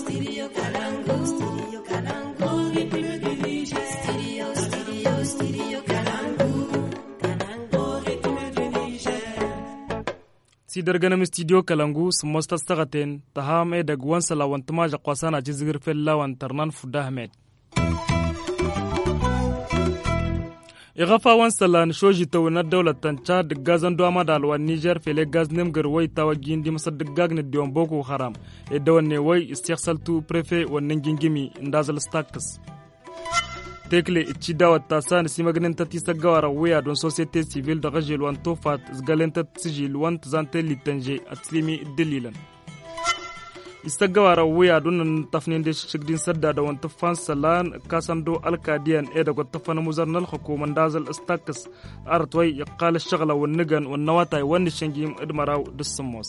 Studio, Kalangu. Si derganam studio Kalangu smosta stagaten taham e dagwan salawantma jaqwasana jizgir fel lawan tarnan fudahmed. Igafawan salan shoji tawna dawlatan Chad gazan duama dalwa Niger fele gaz nemgar way tawa gindi masad gagne dion Boko Haram e dawanne way istiqsal tu prefe wannan gingimi ndazal status tekle ichidawa tasan simagninta tisagawara wea don société civile da gajilwan tofat zgalentat sijilwan tzante litanje atslimi delilan istagawara wuya dunan tafninde shigdin sadda da wanta salan kasando alkadiyan e da gwata fana muzarnal hukuman dazal istakas artwai ya kala shagala wannigan wanna wata wani shangim idmara dusan mos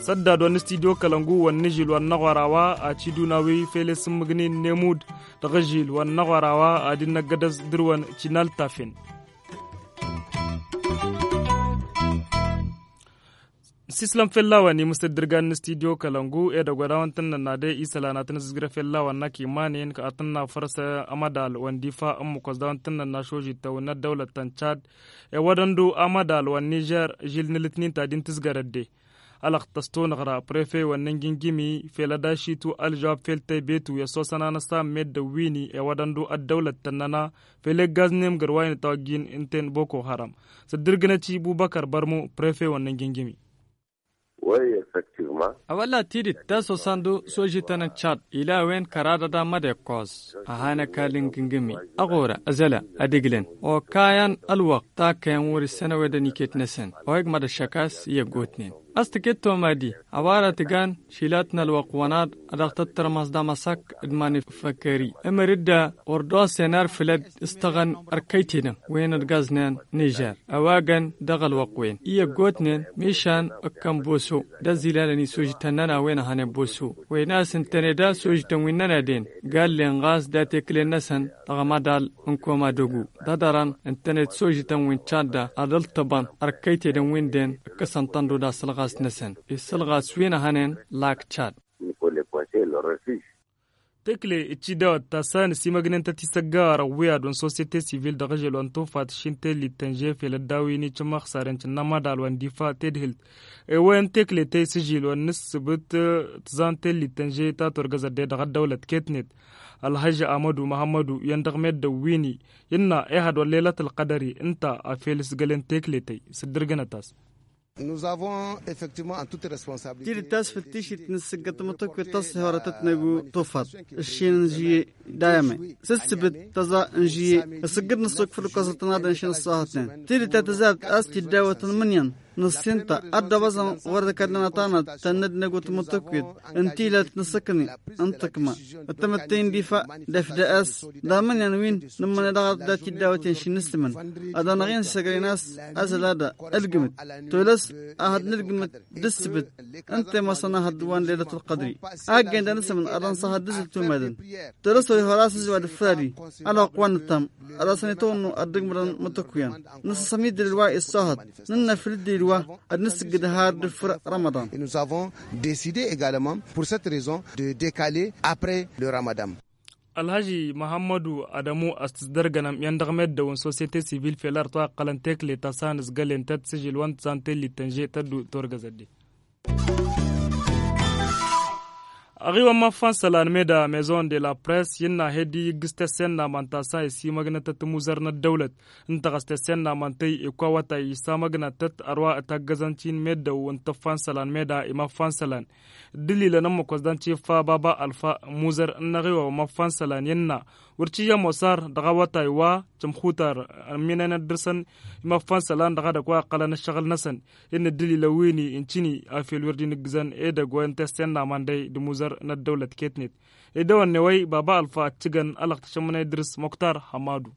sadda da wani studio kalangu wani jil wani gwarawa a cidunawi fele sun nemud da gajil wani gwarawa a dinna gadas dirwan cinal tafin sislam fellawa ni musta dirgan studio kalangu e da gwada wantan na nade isala na tan zisgra fellawa na kimanin ka atan na farsa amadal wandi fa am ko da wantan na shoji ta wana chad e wadandu amadal wan niger jil nilitnin ta din de alaq tasto naqra prefe wannan gingimi felada shitu fel felte betu ya so na sa da wini e wadandu ad dawlat tanana fele gaznem garwani in inten boko haram sadirgana ci bubakar barmu prefe wannan gingimi ወይ ኤፌክቲቭ awala tidit taso sandu sojitana chat ila wen da made kos ahana kalin gingimi agora azala adiglen o kayan alwaq ta kayan wuri sanawada niket nasan o da shakas ya gotnin أستكتو مادي أوارا تغان شيلاتنا الوقوانات أدغتتر مصدا مساك إدماني فكري إما ردة وردو سينار فلد استغن أركيتنا وين الغازنان نيجر أواغن دغل وقوين إيا قوتنين ميشان أكمبوسو دا زلالني yani sojitannana wena hane bosu wena sinteneda sojitan winnana den gallen gas da tekle nasan tagamadal nkoma dogu dadaran internet sojitan winchada adal taban arkaite den winden kasantando da salgas nasan isalgas wena hanen lak chat تكلي اتشدا تاسان سيمغنن تتسجار وياد ون سوسيتي سيفيل دغجل ون توفات شنتي اللي تنجي في للداوي ني تشما خسارن تشنا مدال ون ديفا تدهل وين تكلي تي سجل ون نسبت تزانتي اللي تنجي تا غزا دي دغا دولة كيتنت الحاج أمادو محمدو يندغمد دويني ينا إهد والليلة القدري انتا أفيلس غلن تكلي تي سدرغنتاس Тиритас фетишите не са гатамата, която се хоратът него тофат. Шен жие даяме. Сез себе таза жие. Сагърна сок фрукозата на ден шен сахатен. Тиритата зад аз ти делата на манян. نسنتا أدى وزن ورد كرنا تانا تند نقوت متكويد انتي لا تنسكني انتك ما التمتين دفاع دف دأس دامن ينوين نما ندغط داتي داوتين شي نسلمن أدى نغين سكري أزل هذا ألقمت تولس أهد نلقمت دسبت انت ما صنع هدوان ليلة القدري أهجين دانسا من أران صحة دسلتو مادن تولس ويهراس زواد الفاري على قوان التام أدى سنتون أدقمرا متكويا نسا سميد للواعي الصهد ننا فلدي ruwa a nasiga har dufur Ramadan. Et nous avons décidé également pour cette raison de décaler après le Ramadan. alhaji mahamadu adamu astisdar ganam yan dagmed da wun société civile felar to akalantek le tasanis galen tat sigil wan sante litanje tadu torgazadi. arrivamma fansalame da maison de la presse yinna hedi sen na manta sa isi magnatat na daulat sen na mantai ikwa wata magna tat arwa ta gazancin medda wanta fansalame da ima la dilila nan makwazdanci fa baba alfa muzar na riwa ma la yinna wurci ya mosar daga wata wa tum khutar amina na dirsan ma fansa lan daga da kwa qala na shagal nasan inna dili lawini inchini afil wirdi nigzan e da goyen testen na mandai dumuzar na dawlat ketnet e dawan ne wai baba alfa cigan alaq tashamana idris moktar hamadu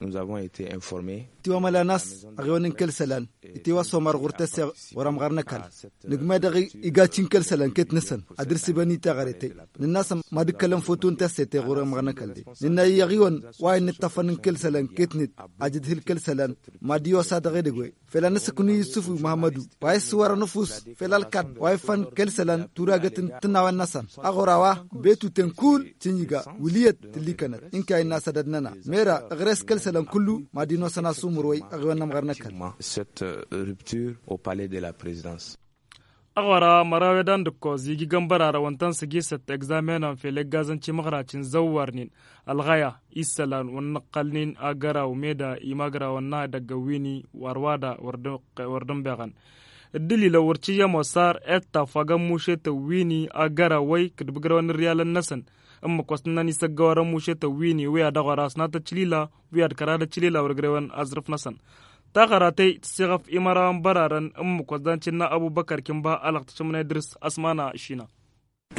Nous avons été informés. Tiwa malanas agyonin kelsalan. Tiwa somar gurtase waram garnakal. Nigma dagi igachin kelsalan ket nasan. Adrisi bani tagarete. Ninnas madikalan futun tasete waram garnakalde. Ninna yagyon wa in tafan kelsalan ketnit. Ajid hil kelsalan madiyo sadage degwe. Felanas kuni Yusuf Muhammadu. Wa suwara nufus felal kad wa fan kelsalan turagatin tinawan nasan. Agorawa betu tenkul tinyiga wiliyat tilikanat. Inka inna sadadnana. Mera agres kelsalan cette euh, rupture au palais de la présidence awara marawe dan dukko zigi gambarara wantan sigi set examen en fele gazan ci magracin zawarnin alghaya isalan wannan qalnin agara umeda imagara wannan daga wini warwada wardan began dilila warciya mosar etta fagan mushe ta wini agara wai kadbgara wannan riyalan nasan amma kwasna ni sagawara mushe ta wini wiya dagwara sna cilila chilila wiya karada chilila wargrewan azraf nasan ta karatai sigaf imara bararan amma kwasdan abu abubakar kimba alaq ta chimna asmana shina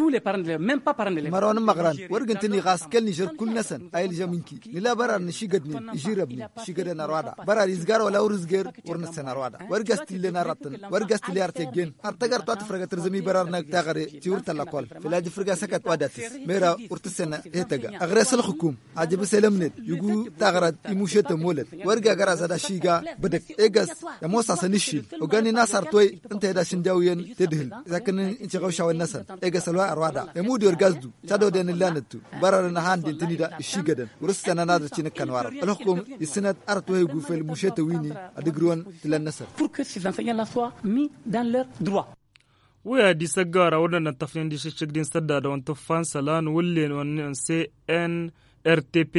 tous les parents d'élèves, même pas parents d'élèves. Maron Magran, wargantini gaskel Niger kul nasan, ayel jaminki. Nila barar ni shigadni, jirabni, shigadan arwada. Barar izgar wala uruzgar, urnasan arwada. Wargasti le naratan, wargasti le arteggen. Artagar tuat fragat rzami barar nag tagare, tiur talakol. Filaj fragat sakat wadatis. Mera urtasana hetaga. Agres al hukum, ajab selamnet, yugu tagarat imushet molet. Warga garas ada shiga, badak egas, ya mosa sanishil. Ogani nasar toy, anta yada shindawiyan tedhil. Zakan inchagaw shawan nasan. Egas alwa arwada emudior gasdu tadoden ilanatu bararan ahandin tinida ishigadan ursananada cinik kanwara alhukum isinat artuhay gufel musheta wini adigruan tilanasar pour que ces enseignants là soient mis dans leurs droits waya disa gara wadana tafnin dishe shigdin sadda da wanta fansalan wullin wannan sai nrtp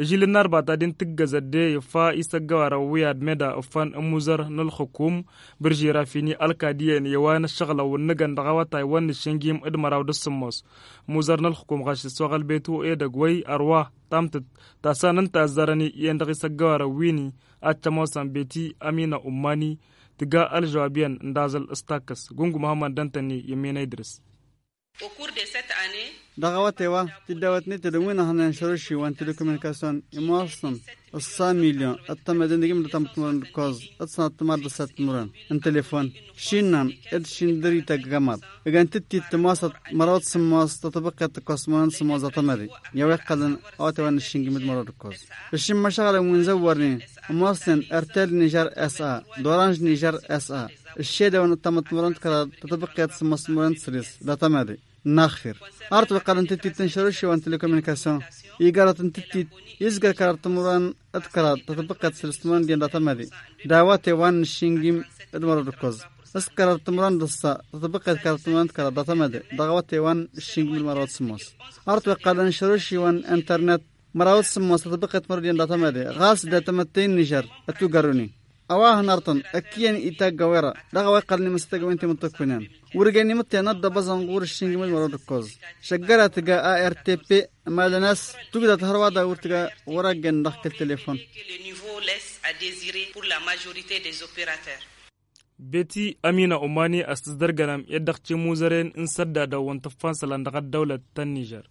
ejilin ta din tigga zadde fa isa gawara wiyad meda ufan muzar nul hukum birji rafini alkadiyen yawana shagla wunnagan dagawata wani shingim idmaraw dussumos muzar nul hukum gashi sogal betu e dagway arwa tamta ta zarani isa gawara wini achamosan beti amina umani tiga aljawabiyan ndazal stakas gungu muhammad dantani yamina idris دغواتيوا تدواتني تدوين هنا شرشي وانت دوكومنكاسون اموصن الصا مليون التمدن دقيم لتم تمرن كوز اتسن تمرد سات مرن ان تليفون شينان اد شين دري تقمر اغان تتي تماسة مرات سماس تطبق تقسمان سماز تمري يوي قلن اوتوا نشين قمد مرد كوز الشين من منزورني اموصن ارتل نيجر اس ا دورانج نيجر اس ا الشيدة وان تمتمرنت كرا تطبقيات سمسمرنت سريس لا تمادي ناخر ارتو قرن تتي تنشرش وان تليكومينيكاسيون يقرا تنتتي يزقا كرا تمرن اتكرا تطبق تطبقيات سلسمرن دين لا تمادي دعواتي وان شينجيم ادمر الكوز اسكر التمران دسا تطبقت كار التمران لا تمادي دغوات وان الشينج من مراوت سموس ارت وقال نشروشي وان انترنت مراوت سموس تطبقت مردين داتمد غاس داتمتين نجر اتو قروني awaha nartan akiyan ita gawera dhaqa way qalnimasta gawaintimata kuinan wurigaynimataena dabazan quri shingimid marodhakoz shagaratiga a r t p malanas tugidat harwada wurtiga waragen dhaqkil telefon beti amina umani astasdarganam yaddaqci muzaren in sadda da wantafan salandaqad dawlat ta niger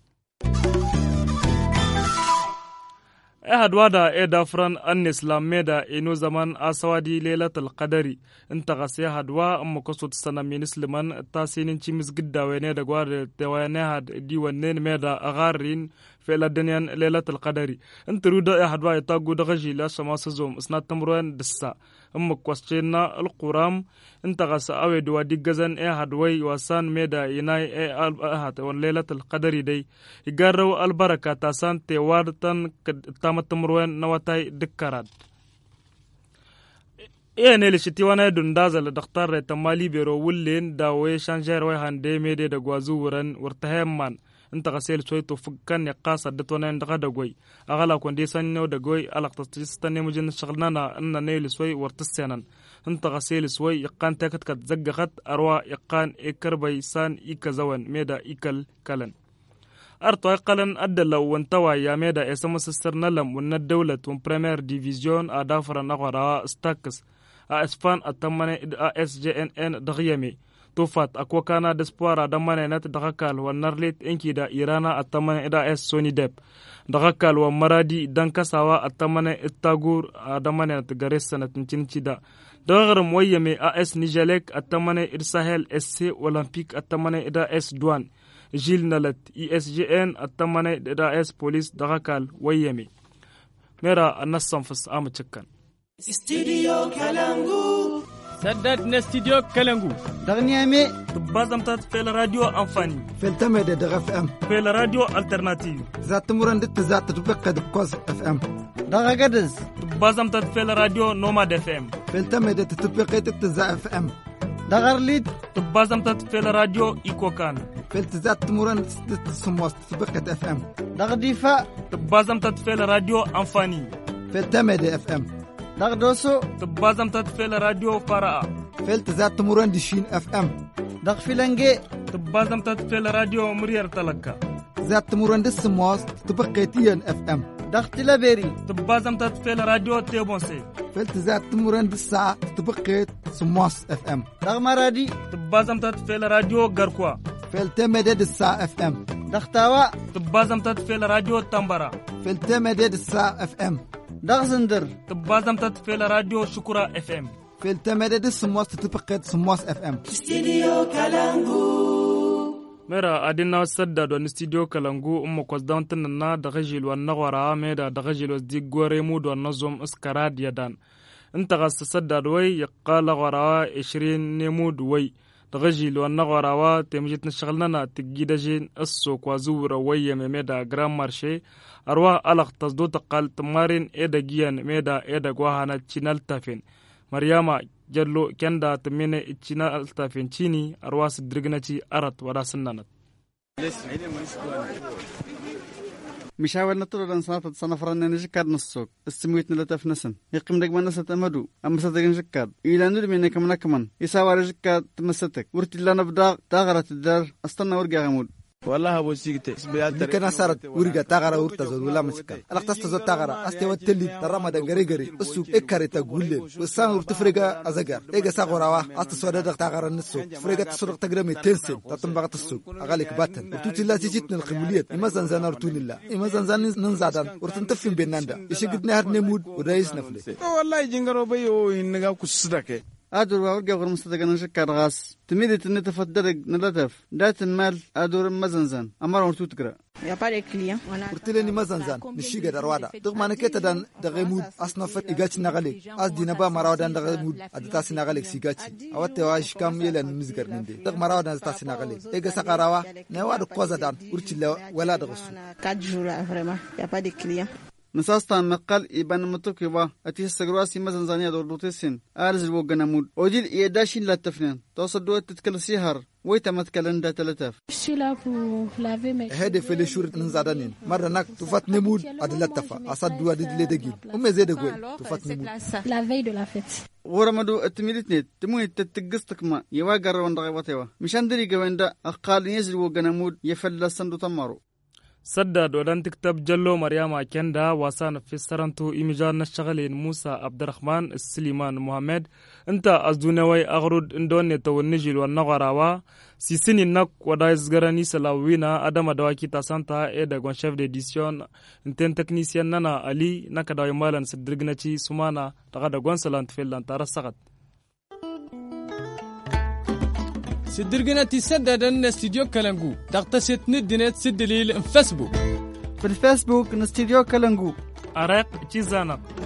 e hadwa da e da fran an islam me da eno zaman asawadi lailatul qadari in ta gase hadwa in mako so sana min isliman ta sinin ci misgidda wene da gwar da wene had di wanne me da agarin فعل الدنيا ليلة القدر انت رودا يا حدوا يتاقو دغجي لا سما سزوم اسنا تمروان دسا makwascena alquram intaqas awe duwadigazan e hadway wasan meda inai e ahate lailat alqadariday igaraw albaraka tasan te wartan tamatamurwen nawatay dikkarad enelishitiwana e e dundazal e daktarre tamali bero wulen dawe shanjerway hande mede da gwazu wuran inta qasel soy to fukkan ya qasa de tonen daga dagoy agala kondisan no dagoy alaqtastistan ne mujin shaqlnana anna ne lisway wartisanan inta qasel soy yaqan takatkat zaggaqat arwa yaqan ikarbaisan ikazawan meda ikal kalan artoy qalan adala wantawa yameda esama sisternalam wana dawlat wan premier division a dafaran aqwara stakas a asfan atamane a sjnn dagyame a kuwa d'espoir da ta daga wa narlet yanki da irana atamane ida es sony dep daga wa maradi don kasawa atamane ittagur da manenat gares sanatincinci da garin wa mai as nijalek a taman irsahel sc a taman ida duan jil nalat esgn isgn taman ida polis police kal wa mai mera nassanfas ama cekkan studio kalangu sadat na studio kalangu daga niame tubba zamta fel radio Anfani. fel tamede de fm fel radio alternative zat muran dit zat fm daga gadas tubba zamta fel radio nomad fm fel tamede tubakka dit za fm daga lit tubba zamta fel radio ikokan fel zat muran dit fm daga difa tubba fel radio Anfani. fel tamede fm daqdooso tibbaazamtat fel radio faraa feltazat muran dishin fm daq filange tibbaazamtat fel radio muryar talaka zat murandis moos tibaqeetiyan fm daq tilaberi tibbaazamtat fel radio tebonse feltizat murandisa tibaqeet smoos fm daq maradi tibbaazamtat fel radio garkwa feltemededisa fm daqtaawa tibbaazamtat fel radio tambara feltemededisa fm دغزندر تبازم تتفيل راديو شكرا اف ام في التمدد سموس تتبقيت سموس اف ام استديو كالانغو مرا أدينا سدد دون استديو كالانغو أم كوز كوزدان تننا دغجيل ونغورا ميدا دغجيل وزدي غوري مود نظم اسكراد يدان انت غس سدد وي يقال غورا 20 نمود وي dagaji lo nagwarawa temjit na shaglnana tigidajin asso kwazura waya memeda grand marché arwa alaq tasdo taqal tmarin edagiyan meda edagwahana chinaltafen maryama jallo kenda tmine chinaltafen chini arwa sidirgnaci arat wadasinanat مشاور مشاولنتو لنسنات تصنفرن نجكاد نسوك نلتف نسن يقيم دك منسة تمدو أما ستك نجكاد إلا ندمي نكمنا كمان يساوار جكاد تمستك ورتي لنا بداغ تاغرة الدار أستنى ورقا غمود والله ابو سيكت كنا سارت ورغا تاغرا ورتا ورتزو ولا مسكا الاختستزو تاغرا استي وتلي درما دغري غري اسو اكريتا غول وسان ورتفرغا ازغا ايغا ساغورا وا است استسودا دغ تاغرا نسو فرغا تسرق تغرمي تنسن تطم بغت السوق اغالك باتن وتوتلا تجيتن القبوليات اما زنزان رتول الله اما زنزان ننزادان ورتنتفين بيناندا يشغدنا هاد نمود ورايس نفلي والله جينغرو بيو ينغا كسدك أدور وأرجع غير مستدق أنا شكر غاس تميدت إني نلتف دات المال أدور مزنزن أمر ورتو تقرأ يا بارك لي قلت مزنزن نشي دروادا دغ أنا كيتا دان دغيمود أصنف إيجاتي نغالي أز دينا با مراودان دغيمود أدتاس نغالي سيجاتي أوت تواش كام يلن مزقر مندي دغ مراودان أدتاس نغالي إيجا سقراوا نوادو قوزا دان ورتي ولا دغسو 4 جورا vraiment يا y a نساستا مقال إبان متوكيوا أتيس سقراسي مزن زانيا دور دوتيسين آرز الوغنامود أوديل إيداشين لا تفنين توصل دوات تتكل سيهر ويتا متكلن دا تلتف هدف في الشور نزادانين مرة ناك تفات نمود أدلا تفا أصاد دوا ديدلي دقين أمي زيدا قوي تفات نمود ورمدو التميلتنيت تموي تتقصتك ما يواقر وندغي وطيوة مشان دري قوين دا أقال يزل وغنامود يفل لسندو تمارو saddad wadan tiktab jallo maryama kenda na fisarantu imija na shagalin musa abdurrahman suleiman muhammed inta azdunewai agrud indone tawanijil wannagarawa sisini nak wada isgarani salawina adama da dawaki santa e shef chef d'édition inten technicien nana ali na kadawai malan sidirgnaci sumana daga dagon salant fellan tara sakat سدرقناتي سددن استديو كلنجو تغتست ندنت سدليل في فيسبوك في الفيسبوك نستديو كلنجو أريق تشيزانق